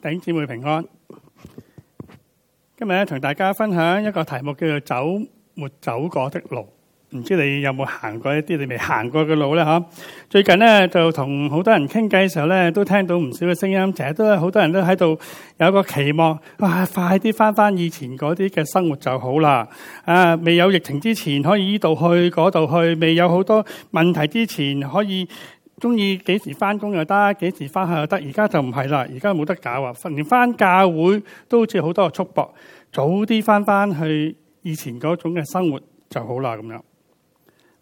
頂姊妹平安，今日咧，同大家分享一個題目叫做走沒走過的路。唔知你有冇行過一啲你未行過嘅路咧？嗬，最近咧，就同好多人傾偈嘅時候咧，都聽到唔少嘅聲音，成日都好多人都喺度有一個期望，哇！快啲返返以前嗰啲嘅生活就好啦，啊！未有疫情之前可以依度去嗰度去，未有好多問題之前可以。中意幾時翻工又得，幾時翻學又得。而家就唔係啦，而家冇得搞啊！連翻教會都好似好多束縛，早啲翻返去以前嗰種嘅生活就好啦咁樣。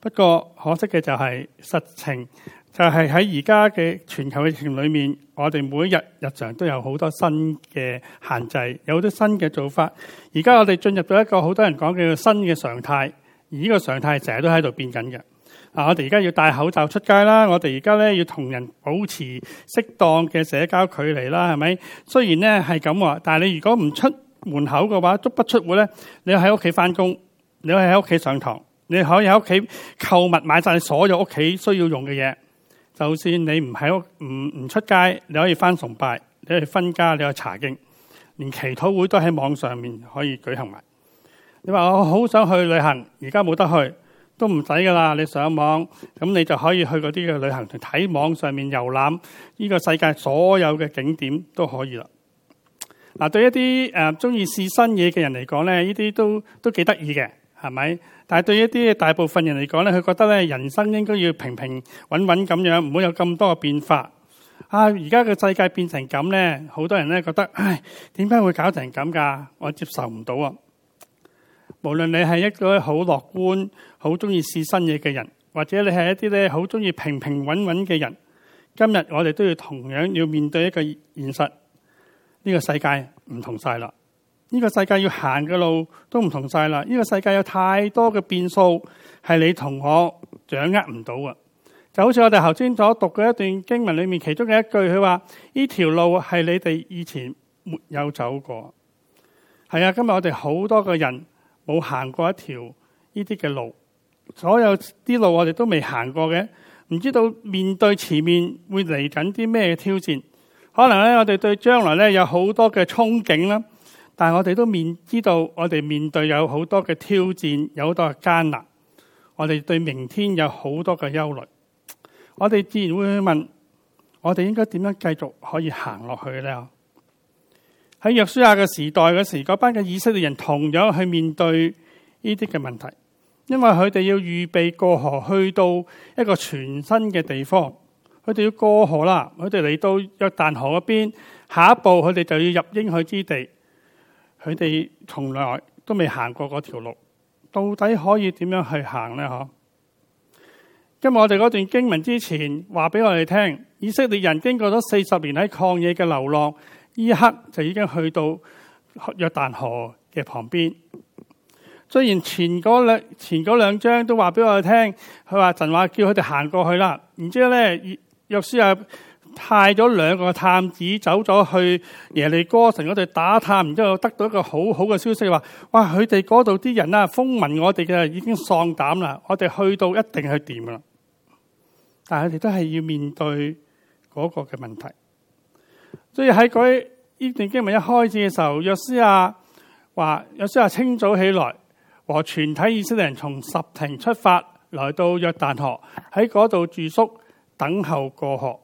不過可惜嘅就係、是、實情，就係喺而家嘅全球疫情裏面，我哋每一日日常都有好多新嘅限制，有好多新嘅做法。而家我哋進入咗一個好多人講嘅新嘅常態，而呢個常態成日都喺度變緊嘅。我哋而家要戴口罩出街啦，我哋而家咧要同人保持適當嘅社交距離啦，係咪？雖然咧係咁話，但係你如果唔出門口嘅話，足不出戶咧，你喺屋企翻工，你可以喺屋企上堂，你可以喺屋企購物買晒所有屋企需要用嘅嘢。就算你唔喺屋唔唔出街，你可以翻崇拜，你可以分家，你可以查經，連祈禱會都喺網上面可以舉行埋。你話我好想去旅行，而家冇得去。都唔使噶啦，你上網，咁你就可以去嗰啲嘅旅行團，睇網上面遊覽呢個世界所有嘅景點都可以啦。嗱，對一啲誒中意試新嘢嘅人嚟講咧，呢啲都都幾得意嘅，係咪？但係對一啲大部分人嚟講咧，佢覺得咧人生應該要平平穩穩咁樣，唔好有咁多嘅變化。啊，而家個世界變成咁咧，好多人咧覺得，唉，點解會搞成咁噶我接受唔到啊！無論你係一個好樂觀、好中意試新嘢嘅人，或者你係一啲咧好中意平平穩穩嘅人，今日我哋都要同樣要面對一個現實：呢個世界唔同晒啦，呢個世界要行嘅路都唔同晒啦。呢個世界有太多嘅變數係你同我掌握唔到啊！就好似我哋頭先所讀嘅一段經文裏面，其中嘅一句佢話：呢條路係你哋以前沒有走過。係啊，今日我哋好多個人。冇行過一條呢啲嘅路，所有啲路我哋都未行過嘅，唔知道面對前面會嚟緊啲咩挑戰。可能咧，我哋對將來咧有好多嘅憧憬啦，但係我哋都面知道我哋面對有好多嘅挑戰，有好多嘅艱難。我哋對明天有好多嘅憂慮，我哋自然會問：我哋應該點樣繼續可以行落去咧？喺約書亞嘅時代嘅時候，嗰班嘅以色列人同樣去面對呢啲嘅問題，因為佢哋要預備過河去到一個全新嘅地方，佢哋要過河啦，佢哋嚟到約旦河嗰邊，下一步佢哋就要入應許之地，佢哋從來都未行過嗰條路，到底可以點樣去行呢？嗬！今日我哋嗰段經文之前話俾我哋聽，以色列人經過咗四十年喺曠野嘅流浪。呢一刻就已經去到約旦河嘅旁邊。雖然前嗰兩前嗰兩章都話俾我哋聽，佢話神話叫佢哋行過去啦。然之後咧，約書亞派咗兩個探子走咗去耶利哥城嗰度打探，然之後得到一個好好嘅消息，話：哇！佢哋嗰度啲人啊，風聞我哋嘅已經喪膽啦。我哋去到一定係掂啦。但係佢哋都係要面對嗰個嘅問題。所以喺嗰呢段經文一開始嘅時候，約書亞話：約書亞清早起來，和全體以色列人從十亭出發，來到約旦河，喺嗰度住宿，等候過河。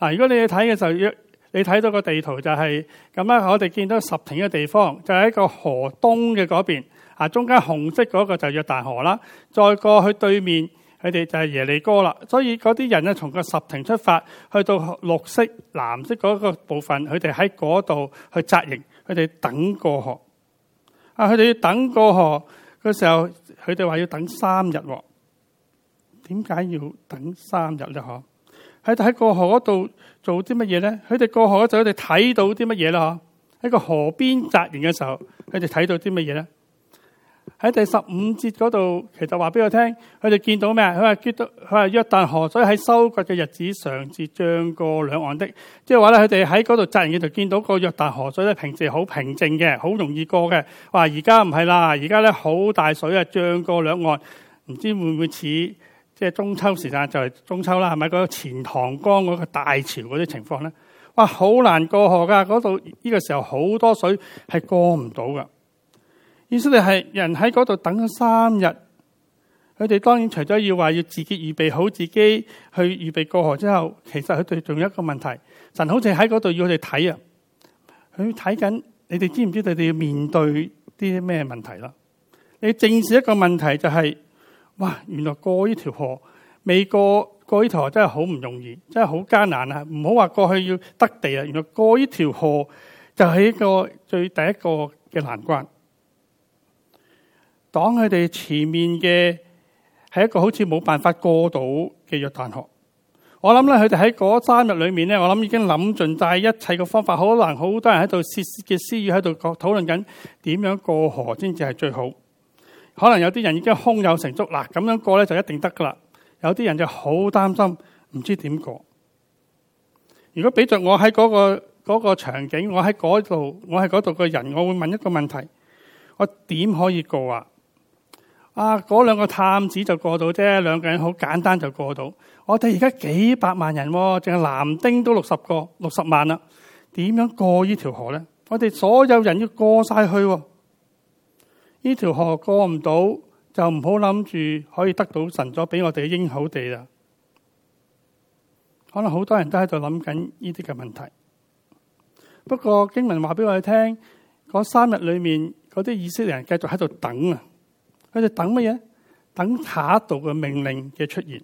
嗱，如果你要睇嘅時候，約你睇到個地圖就係咁啦。我哋見到十亭嘅地方，就喺、是、一個河東嘅嗰邊。啊，中間紅色嗰個就係約旦河啦，再過去對面。佢哋就係耶利哥啦，所以嗰啲人咧從個十亭出發，去到綠色、藍色嗰個部分，佢哋喺嗰度去紮營，佢哋等過河。啊，佢哋要等過河嘅時候，佢哋話要等三日。點解要等三日咧？嗬？喺喺過河嗰度做啲乜嘢咧？佢哋過河就佢哋睇到啲乜嘢啦？嗬？喺個河邊紮營嘅時候他們，佢哋睇到啲乜嘢咧？喺第十五節嗰度，其實話俾我聽，佢哋見到咩？佢話見到佢話約旦河水喺收割嘅日子常時漲過兩岸的，即係話咧，佢哋喺嗰度紮營嘅度見到個約旦河水咧平時好平靜嘅，好容易過嘅。哇！而家唔係啦，而家咧好大水啊，漲過兩岸，唔知會唔會似即係中秋時間就係、是、中秋啦，係咪個錢塘江嗰個大潮嗰啲情況咧？哇！好難過河噶，嗰度呢個時候好多水係過唔到噶。意思係，人喺嗰度等咗三日，佢哋當然除咗要話要自己預備好自己去預備過河之後，其實佢哋仲有一個問題，神好似喺嗰度要我哋睇啊，佢睇緊你哋知唔知？你哋要面對啲咩問題啦？你正視一個問題就係、是、哇，原來過呢條河未過過呢條河真係好唔容易，真係好艱難啊！唔好話過去要得地啊，原來過呢條河就係一個最第一個嘅難關。講佢哋前面嘅係一個好似冇辦法過到嘅約旦河，我諗咧佢哋喺嗰三日裏面咧，我諗已經諗盡晒一切嘅方法，可能好多人喺度竊竊私語，喺度討論緊點樣過河先至係最好。可能有啲人已經胸有成竹啦，嗱咁樣過咧就一定得噶啦。有啲人就好擔心，唔知點過。如果比着我喺嗰個嗰個場景，我喺嗰度，我喺嗰度嘅人，我會問一個問題：我點可以過啊？啊！嗰兩個探子就過到啫，兩個人好簡單就過到。我哋而家幾百萬人、哦，淨係男丁都六十個，六十萬啦。點樣過呢條河咧？我哋所有人要過晒去，呢條河過唔到就唔好諗住可以得到神所俾我哋嘅應許地啦。可能好多人都喺度諗緊呢啲嘅問題。不過經文話俾我哋聽，嗰三日裏面嗰啲以色列人繼續喺度等啊。佢哋等乜嘢？等下一道嘅命令嘅出現。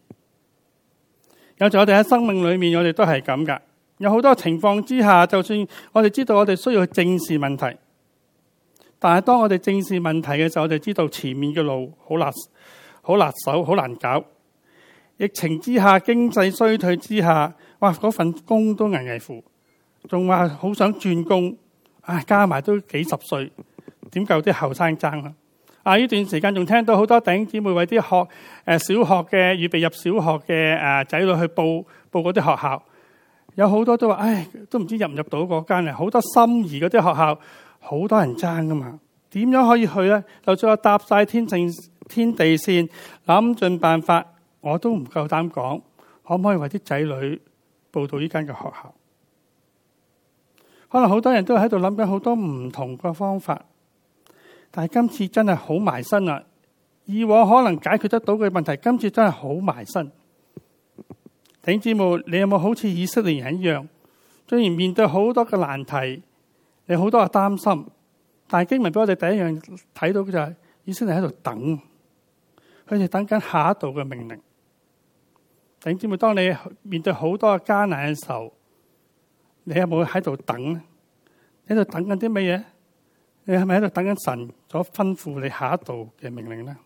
有時我哋喺生命裏面，我哋都係咁噶。有好多情況之下，就算我哋知道我哋需要去正視問題，但係當我哋正視問題嘅時候，我哋知道前面嘅路好辣，好辣手，好難搞。疫情之下，經濟衰退之下，哇！嗰份工都危危乎，仲話好想轉工。唉、啊，加埋都幾十歲，點夠啲後生爭啊！啊！呢段時間仲聽到好多弟兄姊妹為啲學誒小學嘅預備入小學嘅誒仔女去報報嗰啲學校，有好多都話，唉，都唔知入唔入到嗰間啊！好多心儀嗰啲學校，好多人爭噶嘛。點樣可以去呢？就算我搭晒天線、天地線，諗盡辦法，我都唔夠膽講，可唔可以為啲仔女報到呢間嘅學校？可能好多人都喺度諗緊好多唔同嘅方法。但係今次真係好埋身啦，以往可能解決得到嘅問題，今次真係好埋身。頂知冇，你有冇好似以色列人一樣，雖然面對好多嘅難題，你好多嘅擔心，但係經文俾我哋第一樣睇到嘅就係以色列喺度等，佢哋等緊下一道嘅命令。頂知冇，當你面對好多嘅艱難嘅時候，你有冇喺度等咧？你喺度等緊啲乜嘢？你係咪喺度等緊神所吩咐你下一道嘅命令呢？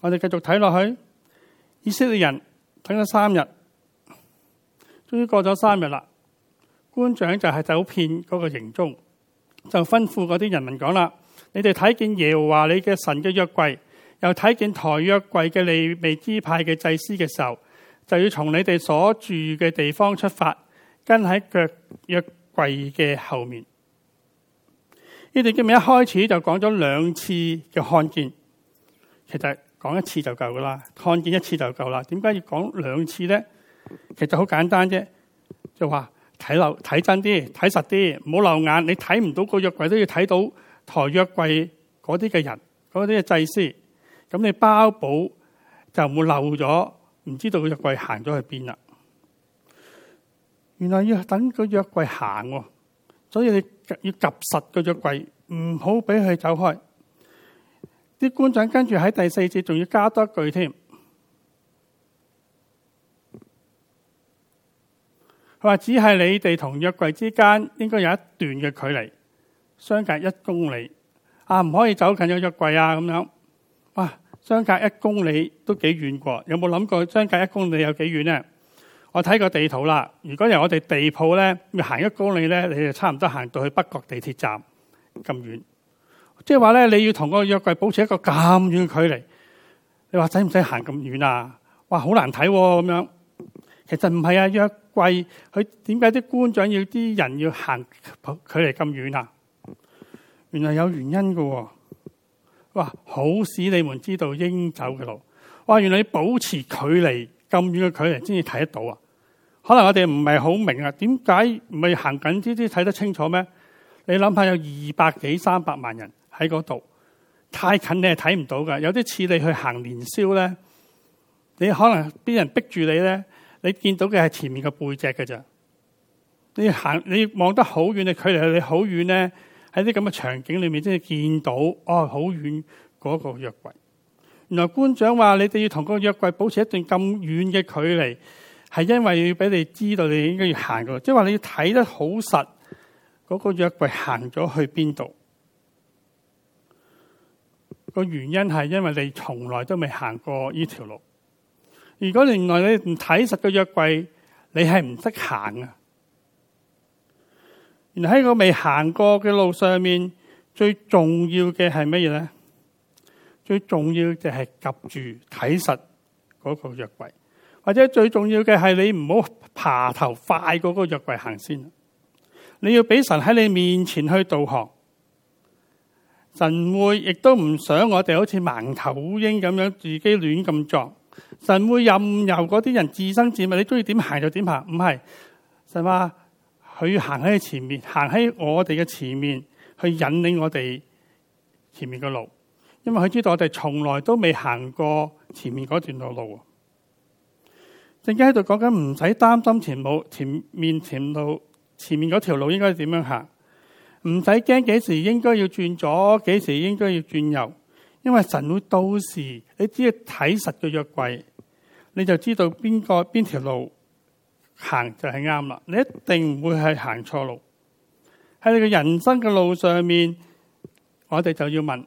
我哋繼續睇落去，以色列人等咗三日，終於過咗三日啦。官長就係走遍嗰個營中，就吩咐嗰啲人民講啦，你哋睇見耶和華你嘅神嘅約櫃，又睇見抬約櫃嘅利未支派嘅祭司嘅時候，就要從你哋所住嘅地方出發，跟喺腳約櫃嘅後面。呢哋經咩？一開始就講咗兩次嘅看見，其實講一次就夠噶啦，看見一次就夠啦。點解要講兩次咧？其實好簡單啫，就話睇漏，睇真啲，睇實啲，唔好漏眼。你睇唔到個約櫃都要睇到抬約櫃嗰啲嘅人，嗰啲嘅祭司，咁你包保就唔會漏咗，唔知道個約櫃行咗去邊啦。原來要等個約櫃行。所以你要及實個約櫃，唔好俾佢走開。啲官長跟住喺第四節仲要加多句添，佢話，只係你哋同約櫃之間應該有一段嘅距離，相隔一公里啊，唔可以走近約約櫃啊咁樣。哇，相隔一公里都幾遠過，有冇諗過相隔一公里有幾遠呢？」我睇個地圖啦，如果由我哋地鋪咧，要行一公里咧，你就差唔多行到去北角地鐵站咁遠，即係話咧，你要同個約櫃保持一個咁遠嘅距離，你話使唔使行咁遠啊？哇，好難睇咁、啊、樣。其實唔係啊，約櫃佢點解啲官長要啲人要行距離咁遠啊？原來有原因喎、啊！哇，好使你們知道應走嘅路。哇，原來你保持距離咁遠嘅距離先至睇得到啊！可能我哋唔係好明啊？點解唔係行緊啲啲睇得清楚咩？你諗下有二百幾、三百萬人喺嗰度，太近你係睇唔到㗎。有啲似你去行年宵咧，你可能啲人逼住你咧，你見到嘅係前面嘅背脊㗎。咋。你行，你望得好遠嘅距離，你好遠咧，喺啲咁嘅場景裏面真係見到哦，好遠嗰個約櫃。原來官長話你哋要同個約櫃保持一段咁遠嘅距離。係因為要俾你知道，你應該要行嘅，即係話你要睇得好實嗰個約櫃行咗去邊度？個原因係因為你從來都未行過呢條路。如果另外你唔睇實個約櫃，你係唔識行呀。原來喺個未行過嘅路上面，最重要嘅係乜嘢咧？最重要就係夾住睇實嗰個約櫃。或者最重要嘅係你唔好爬頭快過個約櫃行先，你要俾神喺你面前去導航。神會亦都唔想我哋好似盲頭鷹咁樣自己亂咁撞。神會任由嗰啲人自生自滅，你鍾意點行就點行。唔係神話佢要行喺你前面，行喺我哋嘅前面去引領我哋前面嘅路，因為佢知道我哋從來都未行過前面嗰段路。正經喺度講緊，唔使擔心前路，前面前路，前面嗰條路應該點樣行，唔使驚幾時應該要轉左，幾時應該要轉右，因為神會到時，你只要睇實個約櫃，你就知道邊個邊條路行就係啱啦。你一定唔會係行錯路。喺你嘅人生嘅路上面，我哋就要問：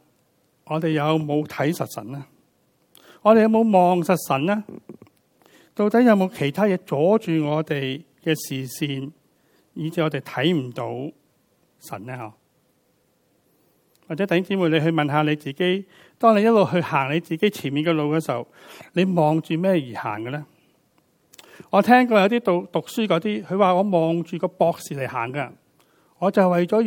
我哋有冇睇實神呀？我哋有冇望實神呀？到底有冇其他嘢，阻住我哋嘅視線，以致我哋睇唔到神咧？或者弟兄姊妹，你去問下你自己，當你一路去行你自己前面嘅路嘅時候，你望住咩而行嘅咧？我聽過有啲讀讀書嗰啲，佢話我望住個博士嚟行噶我就係為咗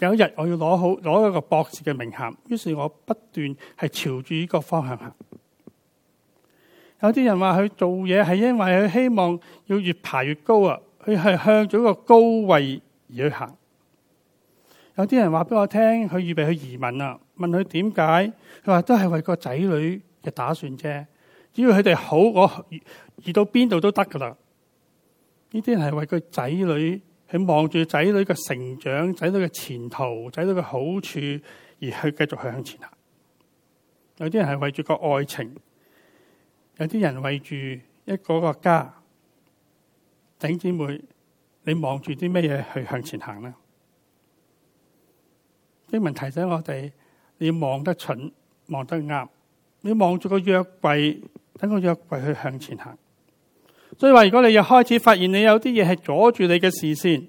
要有一日我要攞好攞一個博士嘅名銜，於是我不斷係朝住呢個方向行。有啲人話佢做嘢係因為佢希望要越爬越高啊，佢係向咗個高位而去行。有啲人話俾我聽佢預備去移民啊。問佢點解，佢話都係為個仔女嘅打算啫，只要佢哋好，我移到邊度都得噶啦。呢啲人係為個仔女，去望住仔女嘅成長、仔女嘅前途、仔女嘅好處而去繼續向前行。有啲人係為住個愛情。有啲人為住一個個家，整姊妹，你望住啲咩嘢，去向前行呢？經文提醒我哋，你要望得準，望得啱，你要望住個約櫃，等個約櫃去向前行。所以話，如果你又開始發現你有啲嘢係阻住你嘅視線，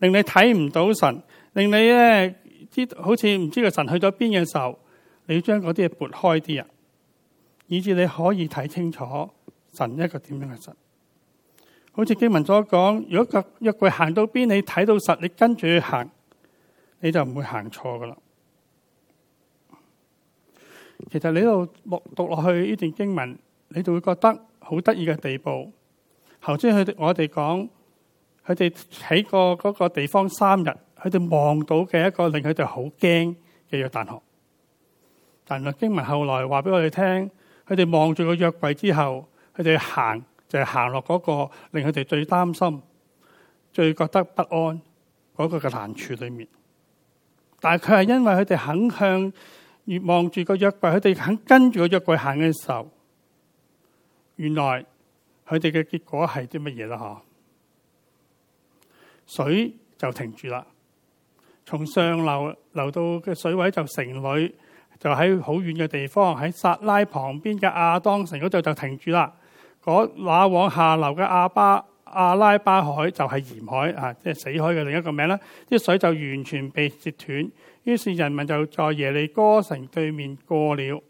令你睇唔到神，令你咧，好似唔知個神去咗邊嘅時候，你要將嗰啲嘢撥開啲人。以至你可以睇清楚神一個點樣嘅神，好似經文所講，如果個約櫃行到邊，你睇到實，你跟住行，你就唔會行錯㗎喇。其實你度目讀落去呢段經文，你就會覺得好得意嘅地步。頭先佢我哋講，佢哋喺個嗰個地方三日，佢哋望到嘅一個令佢哋好驚嘅約旦河。但律經文後來話俾我哋聽。佢哋望住個約櫃之後，佢哋行就係行落嗰個令佢哋最擔心、最覺得不安嗰個嘅難處裏面。但係佢係因為佢哋肯向，越望住個約櫃，佢哋肯跟住個約櫃行嘅時候，原來佢哋嘅結果係啲乜嘢啦？嗬，水就停住啦，從上流流到嘅水位就成壘，就喺好遠嘅地方，喺撒拉旁邊嘅亞當城嗰度就停住啦。嗰那往下流嘅亞巴阿拉巴海就係鹽海啊，即係死海嘅另一個名啦。啲水就完全被截斷，於是人民就在耶利哥城對面過了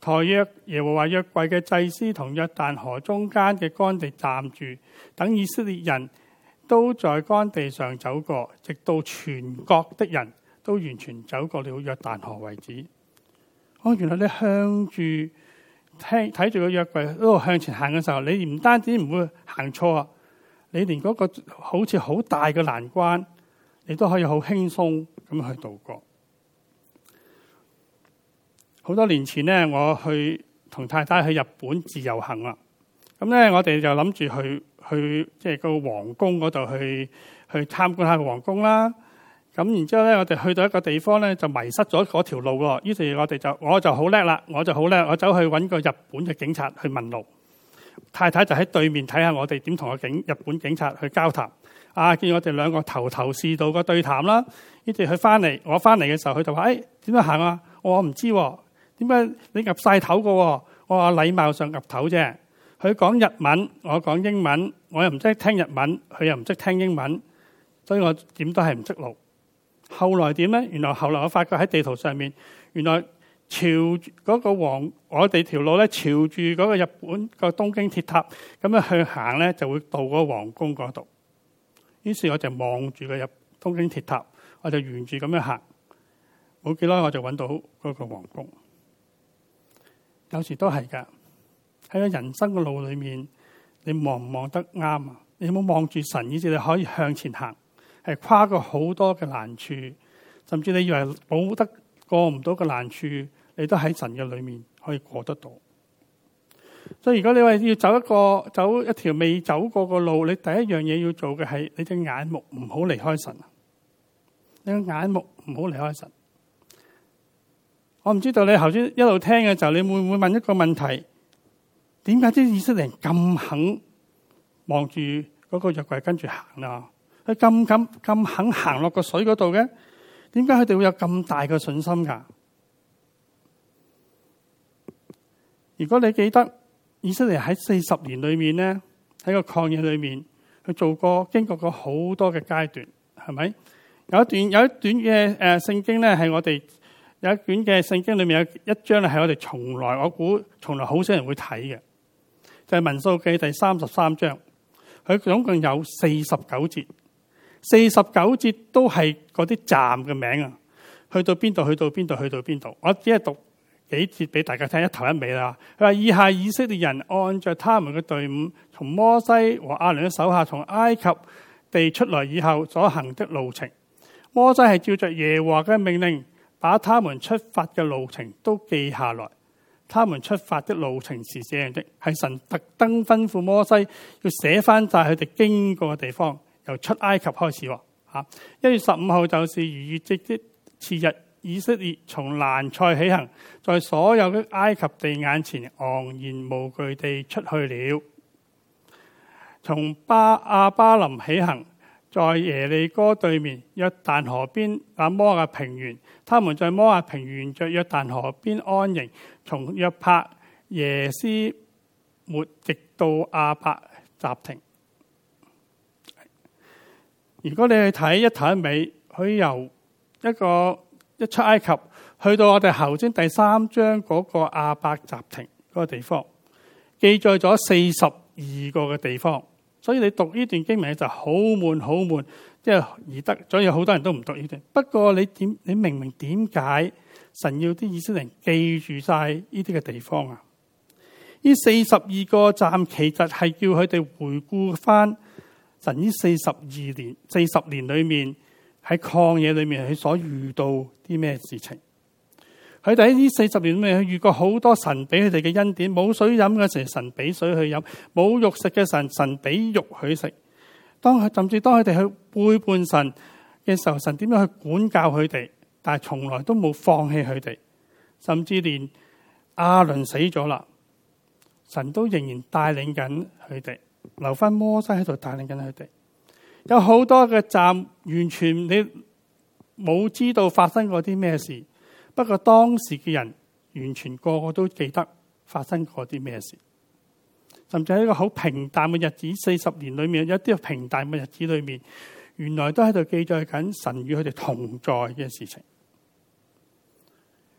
台約耶和華約櫃嘅祭司同約旦河中間嘅乾地站住，等以色列人都在乾地上走過，直到全國的人都完全走過了約旦河為止。哦，原來你向住聽睇住個約櫃一路向前行嘅時候，你唔單止唔會行錯，你連嗰個好似好大嘅難關，你都可以好輕鬆咁去度過。好多年前咧，我去同太太去日本自由行呢啦。咁咧，我哋就諗住去去即係個皇宮嗰度去去參觀下個皇宮啦。咁然之後咧，我哋去到一個地方咧，就迷失咗嗰條路喎。於是，我哋就我就好叻啦，我就好叻，我走去搵個日本嘅警察去問路。太太就喺對面睇下我哋點同個警日本警察去交談。啊，見我哋兩個頭頭是道個對談啦。於是佢翻嚟，我翻嚟嘅時候，佢就話：誒點樣行啊？我唔知喎、啊。點解你岌晒頭喎、啊？我話禮貌上岌頭啫。佢講日文，我講英文，我又唔識聽日文，佢又唔識聽英文，所以我點都係唔識路。後來點咧？原來後來我發覺喺地圖上面，原來朝住個皇我哋條路咧，朝住個日本個東京鐵塔咁樣去行咧，就會到嗰個皇宮嗰度。於是我就望住個日東京鐵塔，我就沿住咁樣行，冇幾耐我就揾到嗰個皇宮。有時都係噶，喺個人生嘅路裏面，你望唔望得啱啊？你有冇望住神，以至你可以向前行？係跨過好多嘅難處，甚至你以為冇得過唔到嘅難處，你都喺神嘅裏面可以過得到。所以如果你話要走一個走一條未走過嘅路，你第一樣嘢要做嘅係你隻眼目唔好離開神，你個眼目唔好離開神。我唔知道你頭先一路聽嘅時候，你會唔會問一個問題？點解啲以色列人咁肯望住嗰個約櫃跟住行啊？佢咁咁咁肯行落個水嗰度嘅，點解佢哋會有咁大嘅信心㗎？如果你記得以色列喺四十年裏面咧，喺個曠野裏面佢做過經過過好多嘅階段，係咪？有一段有一段嘅誒聖經咧，係我哋有一段嘅聖經裏面有一章咧，係我哋從來我估從來好少人會睇嘅，就係民數記第三十三章，佢總共有四十九節。四十九節都係嗰啲站嘅名啊！去到邊度？去到邊度？去到邊度？我只係讀幾節俾大家聽一頭一尾啦。佢話：以下以色列人按着他們嘅隊伍，從摩西和亞倫嘅手下從埃及地出來以後所行的路程，摩西係照着耶和華嘅命令，把他們出發嘅路程都記下來。他們出發的路程是這樣的，係神特登吩咐摩西要寫翻晒佢哋經過嘅地方。由出埃及開始，吓一月十五號就是如月即即次日，以色列從蘭塞起行，在所有的埃及地眼前昂然無懼地出去了。從巴亞巴林起行，在耶利哥對面約旦河邊亞摩亞平原，他們在摩亞平原着約，約旦河邊安營，從約帕耶斯末直到亞伯集停。如果你去睇一頭一尾，佢由一個一出埃及去到我哋頭先第三章嗰個亞伯集停嗰個地方，記載咗四十二個嘅地方，所以你讀呢段經文就好悶好悶，即係而得，所以好多人都唔讀呢段。不過你點你明明點解神要啲以色列人記住晒呢啲嘅地方啊？呢四十二個站其實係叫佢哋回顧翻。神呢四十二年、四十年裏面喺曠野裏面，佢所遇到啲咩事情？佢哋喺呢四十年裏面，佢遇過好多神俾佢哋嘅恩典。冇水飲嘅時候，神俾水去飲；冇肉食嘅神，神俾肉佢食。當佢甚至當佢哋去背叛神嘅時候，神點樣去管教佢哋？但係從來都冇放棄佢哋，甚至連阿倫死咗啦，神都仍然帶領緊佢哋。留翻摩西喺度帶領緊佢哋，有好多嘅站完全你冇知道發生過啲咩事，不過當時嘅人完全個個都記得發生過啲咩事，甚至喺一個好平淡嘅日子，四十年裏面有一啲平淡嘅日子裏面，原來都喺度記載緊神與佢哋同在嘅事情。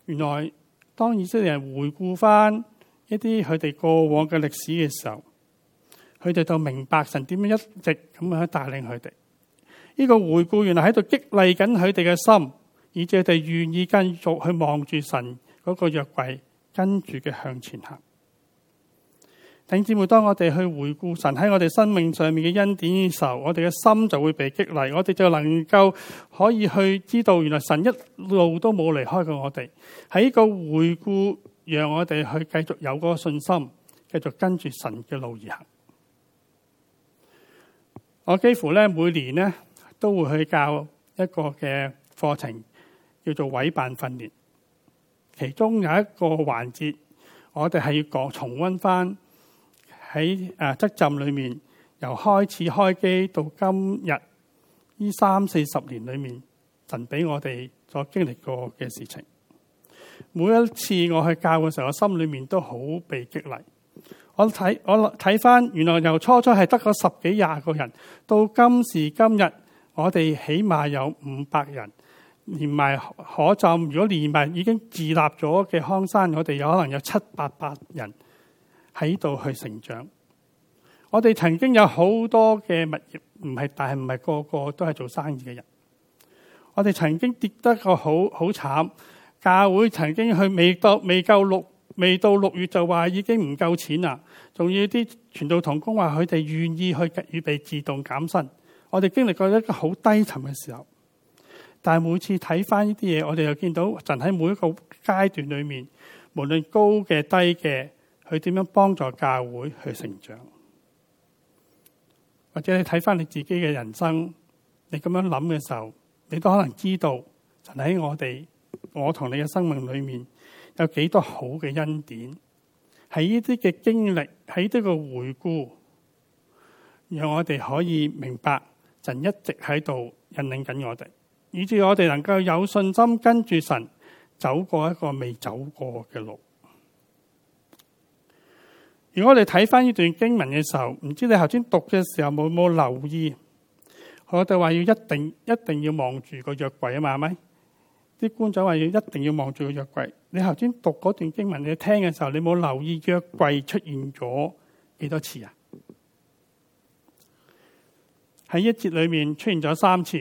原來當以色列人回顧翻一啲佢哋過往嘅歷史嘅時候，佢哋就明白神點樣一直咁樣帶領佢哋。呢個回顧原來喺度激勵緊佢哋嘅心，以至佢哋願意繼續去望住神嗰個約櫃，跟住嘅向前行。弟兄姊妹，當我哋去回顧神喺我哋生命上面嘅恩典嘅時候，我哋嘅心就會被激勵，我哋就能夠可以去知道原來神一路都冇離開過我哋。喺呢個回顧讓我哋去繼續有嗰個信心，繼續跟住神嘅路而行。我幾乎咧每年咧都會去教一個嘅課程，叫做委辦訓練。其中有一個環節，我哋係要講重溫翻喺誒執浸裏面，由開始開機到今日，呢三四十年裏面，神俾我哋所經歷過嘅事情。每一次我去教嘅時候，我心裏面都好被激勵。我睇我睇翻，原來由初初係得個十幾廿個人，到今時今日，我哋起碼有五百人，連埋可暫，如果連埋已經自立咗嘅康山，我哋有可能有七八百人喺度去成長。我哋曾經有好多嘅物業唔係，但係唔係個個都係做生意嘅人。我哋曾經跌得個好好慘，教會曾經去未夠未夠六。未到六月就話已經唔夠錢啦，仲要啲傳道同工話佢哋願意去預備自動減薪。我哋經歷過一個好低沉嘅時候，但係每次睇翻呢啲嘢，我哋又見到神喺每一個階段裏面，無論高嘅低嘅，佢點樣幫助教會去成長。或者你睇翻你自己嘅人生，你咁樣諗嘅時候，你都可能知道神喺我哋，我同你嘅生命裏面。有幾多好嘅恩典？喺呢啲嘅經歷，喺呢個回顧，讓我哋可以明白神一直喺度引領緊我哋，以至我哋能夠有信心跟住神走過一個未走過嘅路。如果我哋睇翻呢段經文嘅時候，唔知你頭先讀嘅時候有冇留意？我哋話要一定一定要望住個約櫃啊嘛，係咪？啲觀眾話要一定要望住個約櫃。你頭先讀嗰段經文，你聽嘅時候，你冇留意約櫃出現咗幾多次啊？喺一節裡面出現咗三次，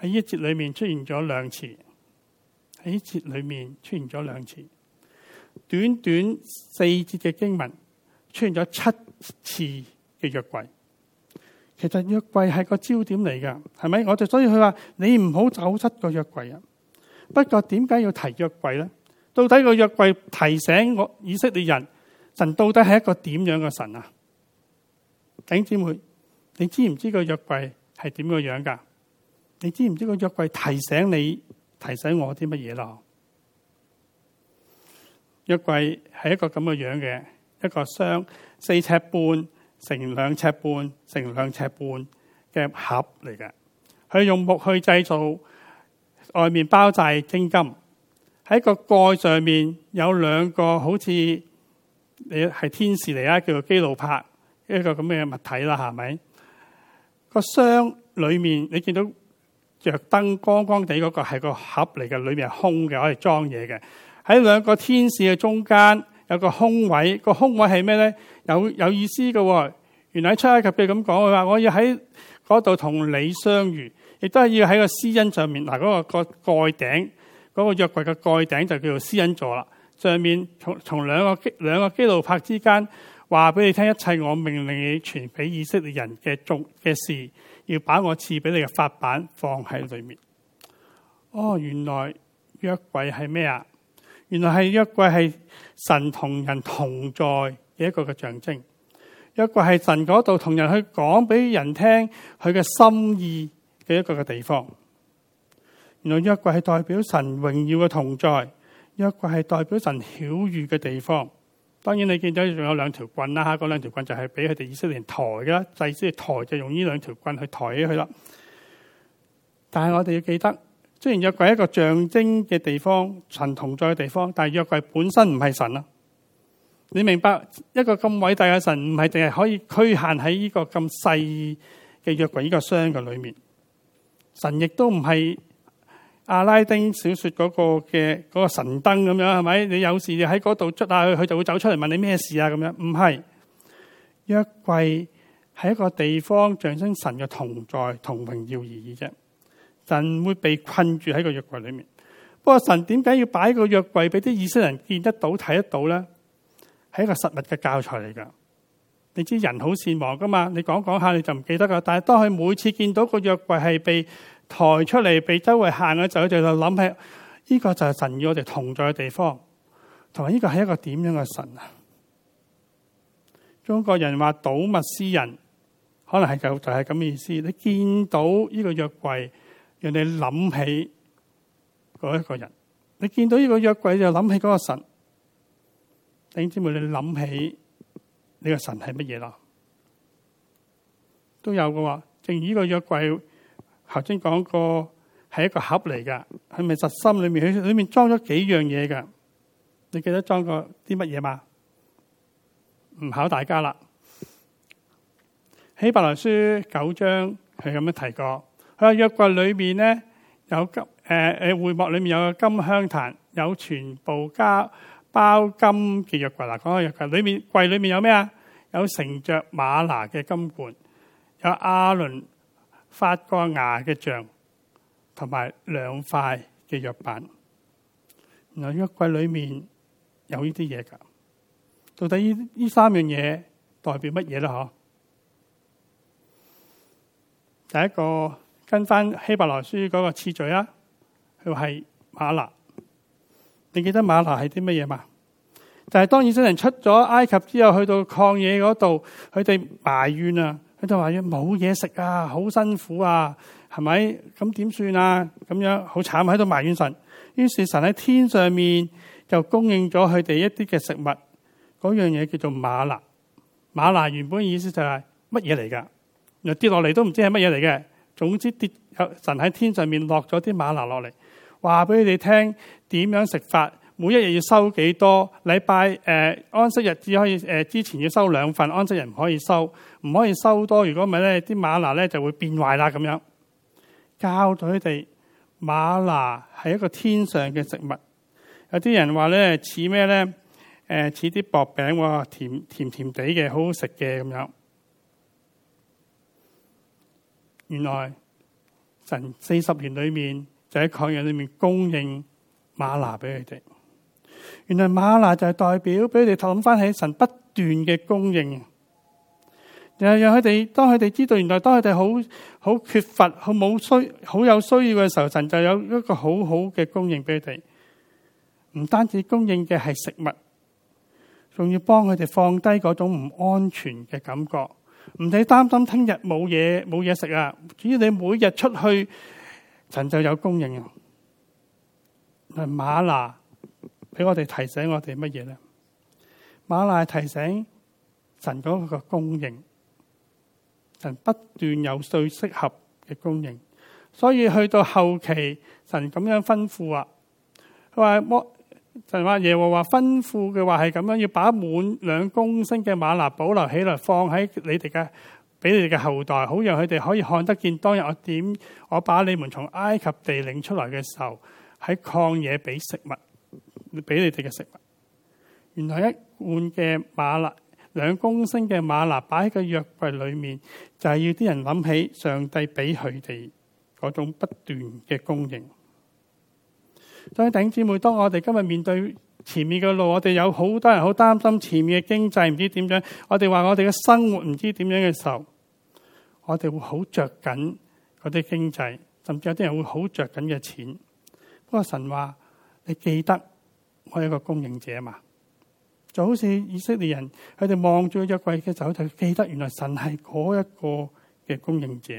喺一節裡面出現咗兩次，喺一節裡面出現咗兩次。短短四節嘅經文出現咗七次嘅約櫃。其實約櫃係個焦點嚟噶，係咪？我就所以佢話你唔好走出個約櫃啊。不過點解要提約櫃咧？到底個約櫃提醒我以色列人，神到底係一個點樣嘅神啊？頂姊妹，你知唔知個約櫃係點個樣噶？你知唔知個約櫃提醒你、提醒我啲乜嘢咯？約櫃係一個咁嘅樣嘅，一個箱，四尺半。成兩尺半，成兩尺半嘅盒嚟嘅，佢用木去製造，外面包曬精金，金，喺個蓋上面有兩個好似，你係天使嚟啦，叫做基路伯，一個咁嘅物體啦，係咪？個箱裏面你見到着燈光光地嗰個係個盒嚟嘅，裏面係空嘅，可以裝嘢嘅。喺兩個天使嘅中間。有個空位，個空位係咩呢？有有意思嘅、哦。原來喺出埃及記咁講，佢話我要喺嗰度同你相遇，亦都係要喺個施恩上面嗱嗰、嗰個、嗰個蓋頂嗰、嗰個約櫃嘅蓋頂就叫做施恩座啦。上面從從兩個兩個基路柏之間，話俾你聽，一切我命令你傳俾以色列人嘅做嘅事，要把我賜俾你嘅法版放喺裏面。哦，原來約櫃係咩啊？原來係約櫃係。神同人同在嘅一個嘅象徵。一個係神嗰度同人去講俾人聽佢嘅心意嘅一個嘅地方。原來一個係代表神榮耀嘅同在，一個係代表神曉諭嘅地方。當然你見到仲有兩條棍啦，吓，嗰兩條棍就係俾佢哋以色列人抬嘅啦，祭司抬就用呢兩條棍去抬起佢啦。但係我哋要記得。雖然約櫃係一個象徵嘅地方、神同在嘅地方，但係約櫃本身唔係神啊！你明白一個咁偉大嘅神，唔係淨係可以局限喺呢個咁細嘅約櫃呢個箱嘅裏面。神亦都唔係阿拉丁小說嗰個嘅個神燈咁樣，係咪？你有事你喺嗰度捽下佢，佢就會走出嚟問你咩事啊？咁樣唔係，約櫃係一個地方象徵神嘅同在、同榮耀而已啫。神會被困住喺個約櫃裏面，不過神點解要擺個約櫃俾啲以色列人見得到、睇得到咧？係一個實物嘅教材嚟噶。你知人好善忘噶嘛？你講講下你就唔記得噶。但係當佢每次見到個約櫃係被抬出嚟，被周圍行嘅時候，就就就諗起呢個就係神與我哋同在嘅地方，同埋呢個係一個點樣嘅神啊？中國人話睹物思人，可能係就就係咁嘅意思。你見到呢個約櫃。讓你諗起嗰一個人，你見到呢個約櫃就諗起嗰個神，弟兄姊妹，你諗起呢個神係乜嘢啦？都有噶喎。正如呢個約櫃，頭先講過係一個盒嚟噶，係咪實心裏面？佢裏面裝咗幾樣嘢噶？你記得裝過啲乜嘢嘛？唔考大家啦。喺《希伯來書》九章係咁樣提過。佢個約櫃裏邊咧有金誒誒，會幕裏面有金香壇，有全部加包金嘅約櫃嗱。講下約櫃裏面櫃裏面有咩啊？有盛著嗎哪嘅金罐，有亞倫發過芽嘅杖，同埋兩塊嘅約版。然後約櫃裏面有呢啲嘢㗎。到底呢呢三樣嘢代表乜嘢咧？嗬，第一個。跟翻希伯來書嗰個次序啊，佢話係馬納。你記得馬納係啲乜嘢嘛？但係當以色列人出咗埃及之後，去到曠野嗰度，佢哋埋怨啊，佢就話怨冇嘢食啊，好辛苦啊，係咪？咁點算啊？咁樣好慘喺度埋怨神。於是神喺天上面就供應咗佢哋一啲嘅食物。嗰樣嘢叫做馬納。馬納原本意思就係乜嘢嚟噶？又跌落嚟都唔知係乜嘢嚟嘅。總之，跌神喺天上面落咗啲馬拿落嚟，話俾佢哋聽點樣食法。每一日要收幾多？禮拜誒安息日只可以誒、呃、之前要收兩份，安息人，唔可以收，唔可以收多。如果唔係咧，啲馬拿咧就會變壞啦咁樣。教到佢哋，馬拿係一個天上嘅食物。有啲人話咧似咩咧？誒似啲薄餅喎，甜甜甜地嘅，好好食嘅咁樣。原來神四十年裏面就喺曠野裏面供應嗎哪俾佢哋。原來嗎哪就係代表俾佢哋諗翻起神不斷嘅供應，又讓佢哋當佢哋知道原來當佢哋好好缺乏，好冇需、好有需要嘅時候，神就有一個好好嘅供應俾佢哋。唔單止供應嘅係食物，仲要幫佢哋放低嗰種唔安全嘅感覺。唔使擔心聽日冇嘢冇嘢食啊！只要你每日出去，神就有供應啊。馬納俾我哋提醒我哋乜嘢咧？馬納提醒神嗰個供應，神不斷有最適合嘅供應，所以去到後期神咁樣吩咐啊，佢話我。就係話耶和華吩咐嘅話係咁樣，要把滿兩公升嘅嗎哪保留起來，放喺你哋嘅，俾你哋嘅後代，好讓佢哋可以看得見當日我點，我把你們從埃及地領出來嘅時候，喺曠野俾食物，俾你哋嘅食物。原來一罐嘅嗎哪，兩公升嘅嗎哪擺喺個約櫃裏面，就係、是、要啲人諗起上帝俾佢哋嗰種不斷嘅供應。所以頂姊妹，當我哋今日面對前面嘅路，我哋有好多人好擔心前面嘅經濟唔知點樣，我哋話我哋嘅生活唔知點樣嘅時候，我哋會好着緊嗰啲經濟，甚至有啲人會好着緊嘅錢。不過神話你記得我係一個供應者嘛？就好似以色列人，佢哋望住一季嘅走就記得原來神係嗰一個嘅供應者。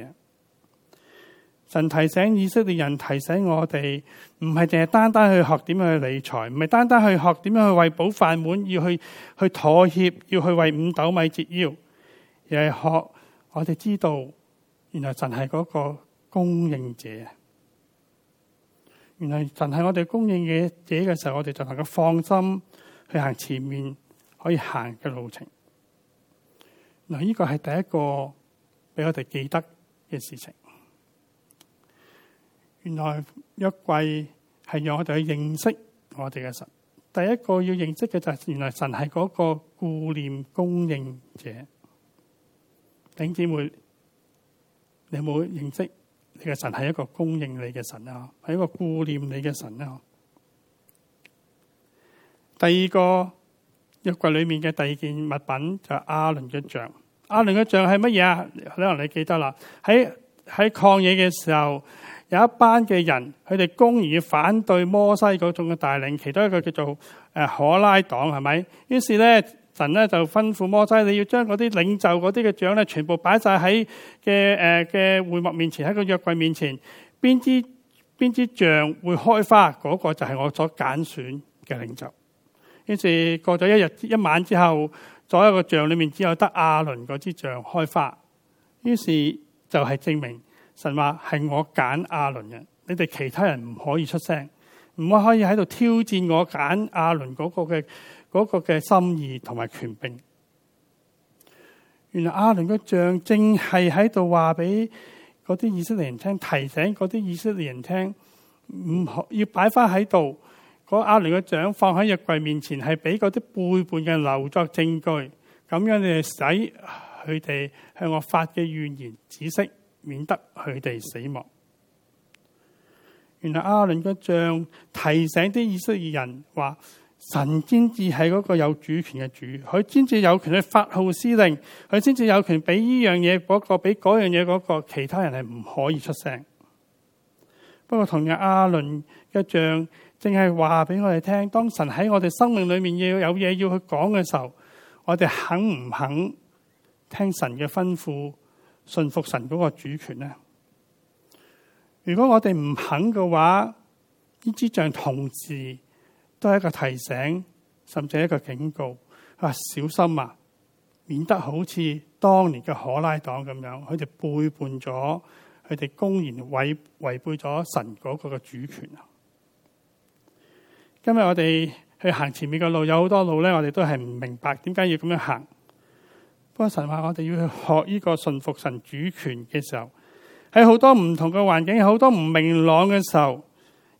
神提醒以色列人，提醒我哋，唔係淨係單單去學點樣去理財，唔係單單去學點樣去為保飯碗，要去去妥協，要去為五斗米折腰，而係學我哋知道，原來神係嗰個供應者。原來神係我哋供應嘅者嘅時候，我哋就能夠放心去行前面可以行嘅路程。嗱，呢個係第一個俾我哋記得嘅事情。原來約櫃係讓我哋去認識我哋嘅神。第一個要認識嘅就係原來神係嗰個顧念供應者。弟兄姊妹，你有冇認識你嘅神係一個供應你嘅神啊？係一個顧念你嘅神啊？第二個約櫃裏面嘅第二件物品就係亞倫嘅杖。亞倫嘅杖係乜嘢啊？可能你記得啦。喺喺曠野嘅時候。有一班嘅人，佢哋公然要反對摩西嗰種嘅帶領，其中一個叫做誒可拉黨，係咪？於是咧，神咧就吩咐摩西，你要將嗰啲領袖嗰啲嘅杖咧，全部擺晒喺嘅誒嘅會幕面前，喺個約櫃面前。邊支邊支杖會開花？嗰、那個就係我所揀選嘅領袖。於是過咗一日一晚之後，所有嘅杖裏面，只有得亞倫嗰支杖開花。於是就係證明。神話係我揀阿倫嘅，你哋其他人唔可以出聲，唔可以喺度挑戰我揀阿倫嗰個嘅、嗰個嘅心意同埋權柄。原來阿倫嘅象徵係喺度話俾嗰啲以色列人聽，提醒嗰啲以色列人聽，唔好要擺翻喺度。嗰個、阿亞倫嘅杖放喺日櫃面前，係俾嗰啲背叛嘅留作證據，咁樣你哋使佢哋向我發嘅怨言，止息。免得佢哋死亡。原來阿倫嘅杖提醒啲以色列人話：神先至係嗰個有主權嘅主，佢先至有權去發號施令，佢先至有權俾呢樣嘢嗰個，俾嗰樣嘢嗰個，其他人係唔可以出聲。不過同樣阿倫嘅杖淨係話俾我哋聽：當神喺我哋生命裏面要有嘢要去講嘅時候，我哋肯唔肯聽神嘅吩咐？順服神嗰個主權咧，如果我哋唔肯嘅話，呢支杖同時都係一個提醒，甚至一個警告啊！小心啊，免得好似當年嘅可拉黨咁樣，佢哋背叛咗，佢哋公然違違背咗神嗰個嘅主權啊！今日我哋去行前面嘅路，有好多路咧，我哋都係唔明白點解要咁樣行。嗰個神話我哋要去學呢個順服神主權嘅時候，喺好多唔同嘅環境，好多唔明朗嘅時候，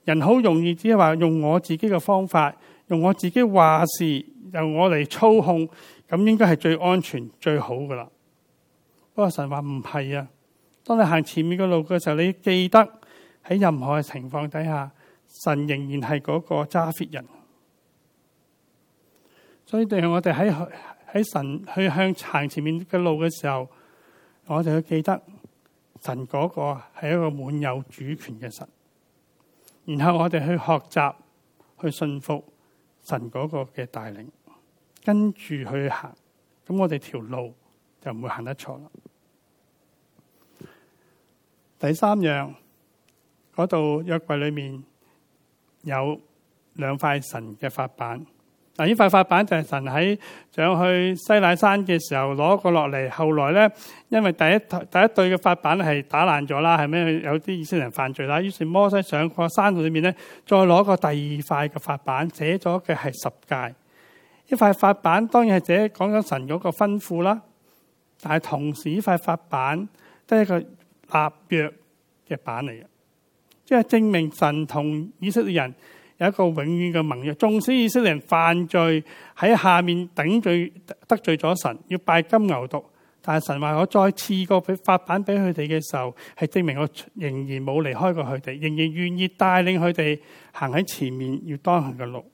人好容易只係話用我自己嘅方法，用我自己話事，由我嚟操控，咁應該係最安全最好噶啦。不過神話唔係啊，當你行前面嘅路嘅時候，你記得喺任何嘅情況底下，神仍然係嗰個揸 fit 人。所以對我哋喺。喺神去向行前面嘅路嘅時候，我哋要記得神嗰個係一個滿有主權嘅神。然後我哋去學習去信服神嗰個嘅帶領，跟住去行，咁我哋條路就唔會行得錯啦。第三樣，嗰度約櫃裏面有兩塊神嘅法版。嗱，呢塊法板就係神喺上去西奈山嘅時候攞個落嚟，後來咧因為第一第一對嘅法板係打爛咗啦，係咩？有啲以色列人犯罪啦，於是摩西上個山洞裏面咧，再攞個第二塊嘅法板，寫咗嘅係十戒。呢塊法板當然係寫講緊神嗰個吩咐啦，但係同時呢塊法板都係一個立約嘅板嚟嘅，即係證明神同以色列人。有一個永遠嘅盟約，縱使以色列人犯罪喺下面頂罪得罪咗神，要拜金牛犢，但係神話我再次過法版俾佢哋嘅時候，係證明我仍然冇離開過佢哋，仍然願意帶領佢哋行喺前面要當行嘅路。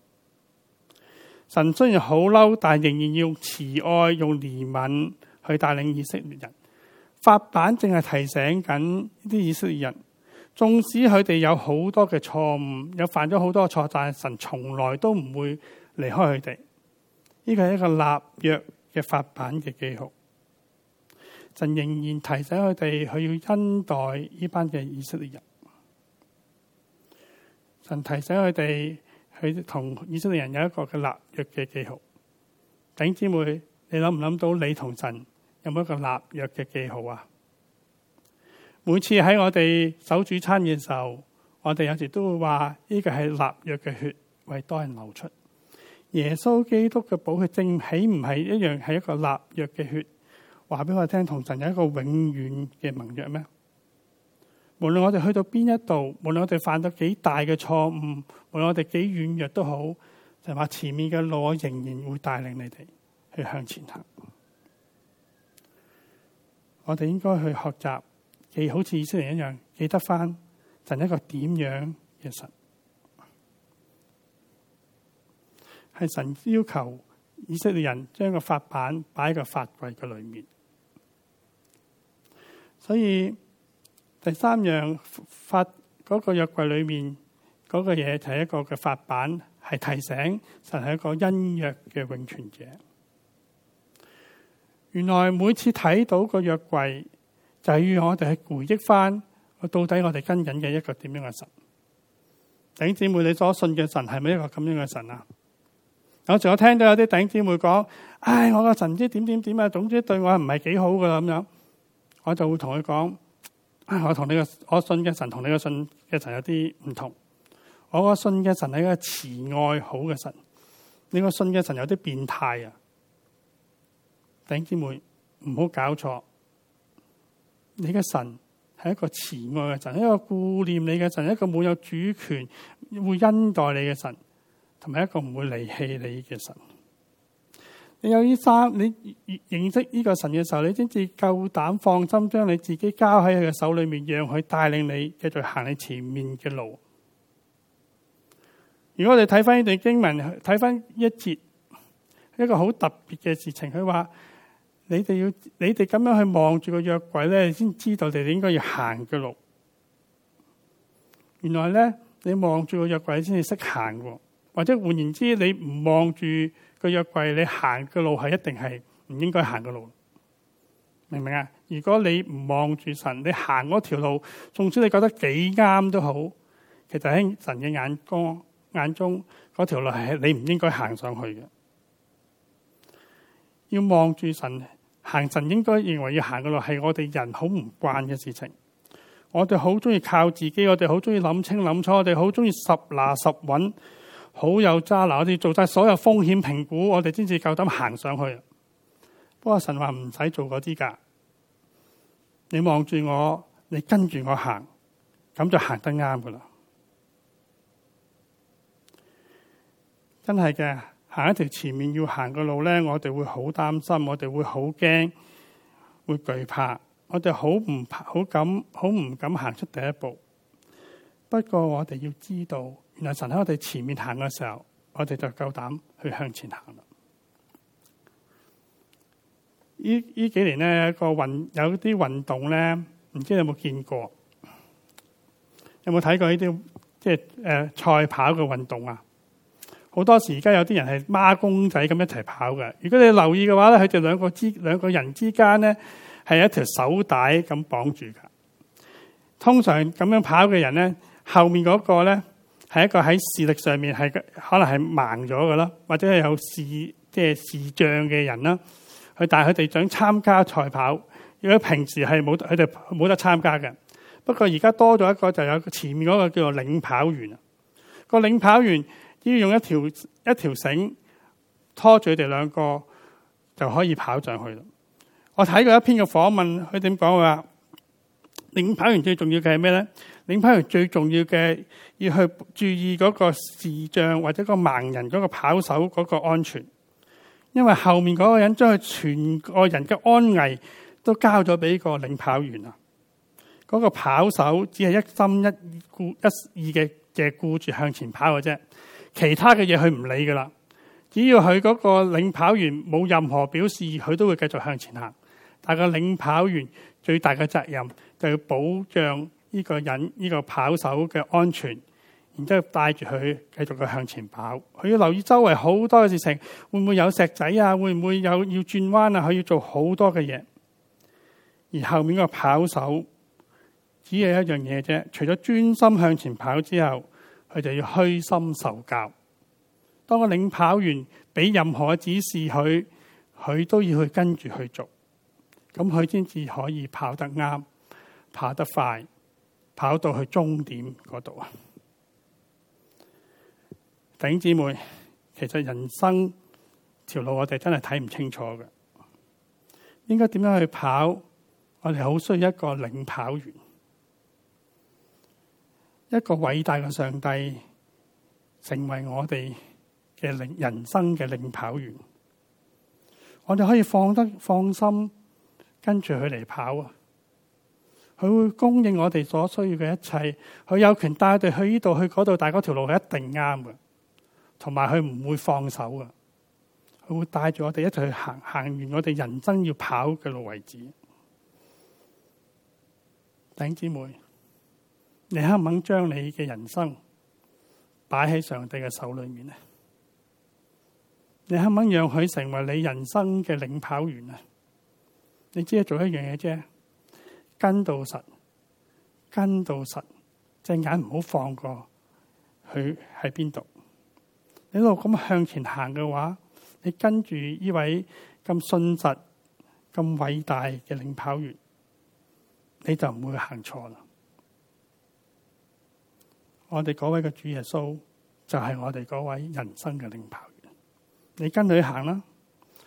神雖然好嬲，但仍然用慈愛、用憐憫去帶領以色列人。法版正係提醒緊啲以色列人。縱使佢哋有好多嘅錯誤，有犯咗好多錯，但係神從來都唔會離開佢哋。呢個係一個立約嘅法版嘅記號。神仍然提醒佢哋，佢要恩待呢班嘅以色列人。神提醒佢哋，佢同以色列人有一個嘅立約嘅記號。頂姊妹，你諗唔諗到你同神有冇一個立約嘅記號啊？每次喺我哋守主餐嘅時候，我哋有時都會話：呢、這個係立約嘅血為多人流出。耶穌基督嘅寶血正豈唔係一樣係一個立約嘅血？話俾我聽，同神有一個永遠嘅盟約咩？無論我哋去到邊一度，無論我哋犯咗幾大嘅錯誤，無論我哋幾軟弱都好，就話、是、前面嘅路我仍然會帶領你哋去向前行。我哋應該去學習。記好似以色列一樣，記得翻，神一個點樣嘅神，係神要求以色列人將個法版擺喺個法櫃嘅裏面。所以第三樣法嗰、那個約櫃裏面嗰、那個嘢，就係一個嘅法版，係提醒神係一個恩約嘅永存者。原來每次睇到個約櫃。就係我哋去回憶翻，到底我哋跟緊嘅一個點樣嘅神？頂姊妹，你所信嘅神係咪一個咁樣嘅神啊？有時我聽到有啲頂姊妹講，唉，我個神知點點點啊，總之對我唔係幾好噶啦咁樣。我就會同佢講，唉，我同你個我信嘅神同你個信嘅神有啲唔同。我個信嘅神係一個慈愛好嘅神，你個信嘅神有啲變態啊！頂姊妹，唔好搞錯。你嘅神係一個慈愛嘅神，一個顧念你嘅神，一個冇有主權會恩待你嘅神，同埋一個唔會離棄你嘅神。你有呢三，你認識呢個神嘅時候，你先至夠膽放心將你自己交喺佢嘅手裏面，讓佢帶領你繼續行你前面嘅路。如果我哋睇翻呢段經文，睇翻一節，一個好特別嘅事情，佢話。你哋要，你哋咁樣去望住個約櫃咧，你先知道你哋應該要行嘅路。原來咧，你望住個約櫃先至識行嘅，或者換言之，你唔望住個約櫃，你行嘅路係一定係唔應該行嘅路。明唔明啊？如果你唔望住神，你行嗰條路，總之你覺得幾啱都好，其實喺神嘅眼光眼中，嗰條路係你唔應該行上去嘅。要望住神行，神應該認為要行嘅路係我哋人好唔慣嘅事情。我哋好中意靠自己，我哋好中意諗清諗楚，我哋好中意十拿十穩，好有渣拿。我哋做晒所有風險評估，我哋先至夠膽行上去。說不過神話唔使做嗰啲噶，你望住我，你跟住我行，咁就行得啱噶啦。真係嘅。行一條前面要行嘅路咧，我哋會好擔心，我哋會好驚，會懼怕，我哋好唔怕，好敢，好唔敢行出第一步。不過我哋要知道，原來神喺我哋前面行嘅時候，我哋就夠膽去向前行啦。呢呢幾年咧，個運有啲運動咧，唔知你有冇見過？有冇睇過這些、呃、賽跑嘅呢啲即係誒賽跑嘅運動啊？好多時而家有啲人係孖公仔咁一齊跑嘅。如果你留意嘅話咧，佢哋兩個之兩個人之間咧係一條手帶咁綁住嘅。通常咁樣跑嘅人咧，後面嗰個咧係一個喺視力上面係可能係盲咗嘅啦，或者係有視即係視障嘅人啦。佢但係佢哋想參加賽跑，如果平時係冇佢哋冇得參加嘅。不過而家多咗一個就有前面嗰個叫做領跑員。個領跑員。要用一條一條繩拖住佢哋兩個，就可以跑上去啦。我睇過一篇嘅訪問，佢點講話領跑員最重要嘅係咩咧？領跑員最重要嘅要，要去注意嗰個視障或者個盲人嗰個跑手嗰個安全，因為後面嗰個人將佢全個人嘅安危都交咗俾個領跑員啊。嗰、嗰個跑手只係一心一意一意嘅嘅顧住向前跑嘅啫。其他嘅嘢佢唔理噶啦，只要佢嗰個領跑員冇任何表示，佢都會繼續向前行。但係個領跑員最大嘅責任，就要保障呢個人呢個跑手嘅安全，然之後帶住佢繼續向前跑。佢要留意周圍好多嘅事情，會唔會有石仔啊？會唔會有要轉彎啊？佢要做好多嘅嘢。而後面個跑手，只係一樣嘢啫，除咗專心向前跑之後。佢就要虛心受教。當個領跑員俾任何指示佢，佢佢都要去跟住去做，咁佢先至可以跑得啱、跑得快、跑到去終點嗰度啊！弟兄姊妹，其實人生條路我哋真係睇唔清楚嘅，應該點樣去跑？我哋好需要一個領跑員。一個偉大嘅上帝成為我哋嘅領人生嘅領跑員，我哋可以放得放心，跟住佢嚟跑啊！佢會供應我哋所需要嘅一切，佢有權帶我哋去呢度去嗰度，但嗰條路係一定啱嘅，同埋佢唔會放手啊！佢會帶住我哋一齊去行行完我哋人生要跑嘅路為止。弟兄姊妹。你肯唔肯將你嘅人生擺喺上帝嘅手裏面咧？你肯唔肯讓佢成為你人生嘅領跑員啊？你只係做一樣嘢啫，跟到實，跟到實，隻眼唔好放過佢喺邊度。你一路咁向前行嘅話，你跟住呢位咁信實、咁偉大嘅領跑員，你就唔會行錯啦。我哋嗰位嘅主耶穌就係、是、我哋嗰位人生嘅領跑員，你跟佢行啦，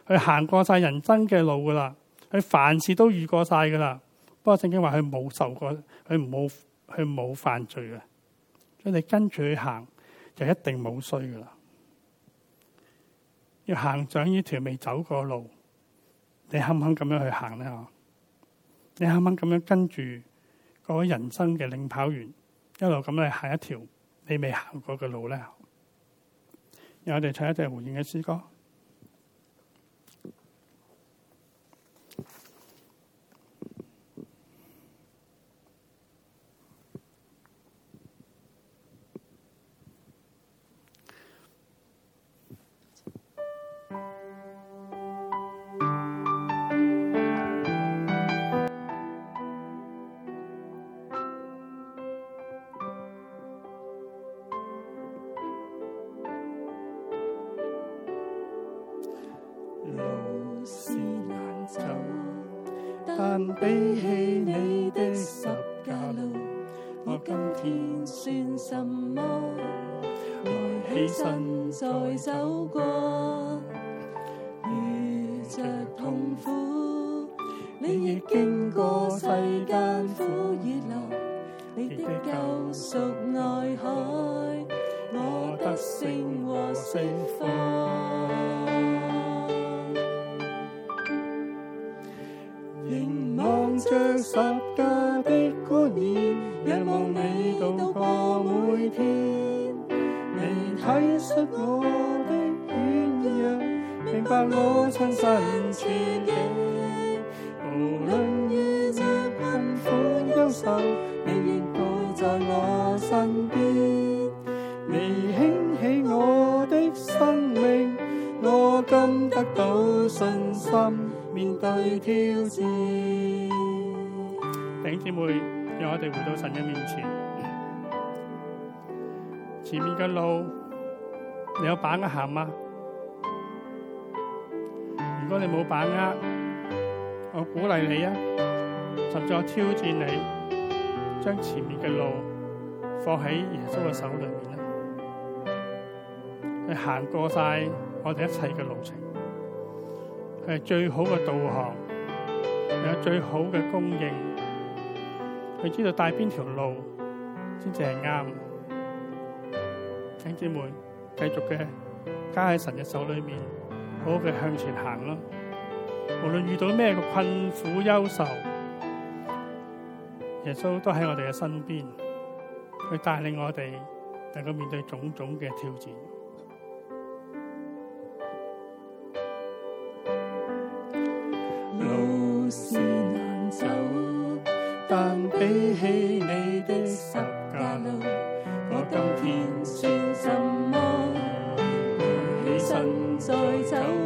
佢行過晒人生嘅路噶啦，佢凡事都遇過晒噶啦。不過聖經話佢冇受過，佢冇佢冇犯罪嘅，佢哋跟住去行就一定冇衰噶啦。要行上呢條未走過路，你肯唔肯咁樣去行咧？你肯唔肯咁樣跟住嗰位人生嘅領跑員？一，樣一路咁你行一條你未行過嘅路咧，我哋唱一隻回應嘅詩歌。比起你的十架路，我今天算什麼？來起身再走過，遇着痛苦，你亦經過世間苦與樂。你的救贖愛海，我得勝和釋放。共你度過每天，你體恤我的軟弱，明白我親身處境。無論遇着困苦憂愁，你亦會在我身邊。你興起我的生命，我今得到信心面對挑戰。頂姊妹。讓我哋回到神嘅面前，前，前面嘅路你有把握行嗎？如果你冇把握，我鼓勵你啊，實在挑戰你，將前面嘅路放喺耶穌嘅手裏面，去行過晒我哋一切嘅路程，係最好嘅導航，有最好嘅供應。佢知道帶邊條路先至係啱，弟兄姊妹繼續嘅加喺神嘅手裏面，好好嘅向前行咯。無論遇到咩個困苦憂愁，耶穌都喺我哋嘅身邊，佢帶領我哋能夠面對種種嘅挑戰。比起你的十架路，我今天算什麼？站起身再走。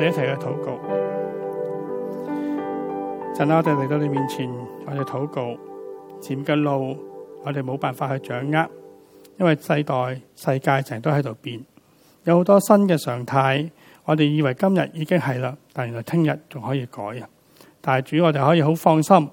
我哋一齊去禱告，陣間，我哋嚟到你面前，我哋禱告前嘅路，我哋冇辦法去掌握，因為世代世界成日都喺度變，有好多新嘅常態。我哋以為今日已經係啦，但原來聽日仲可以改啊。但係主，我哋可以好放心，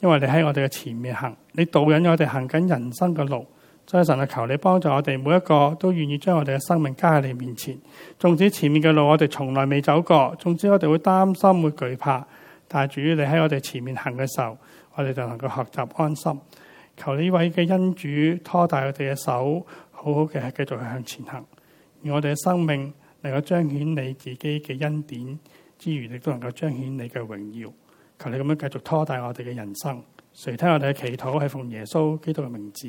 因為你喺我哋嘅前面行，你導引咗我哋行緊人生嘅路。真神啊，求你幫助我哋每一個都願意將我哋嘅生命加喺你面前。縱使前面嘅路我哋從來未走過，縱使我哋會擔心會懼怕，但係主，你喺我哋前面行嘅時候，我哋就能夠學習安心。求呢位嘅恩主拖大我哋嘅手，好好嘅繼續向前行。而我哋嘅生命能夠彰顯你自己嘅恩典之餘，亦都能夠彰顯你嘅榮耀。求你咁樣繼續拖大我哋嘅人生。垂聽我哋嘅祈禱，係奉耶穌基督嘅名字。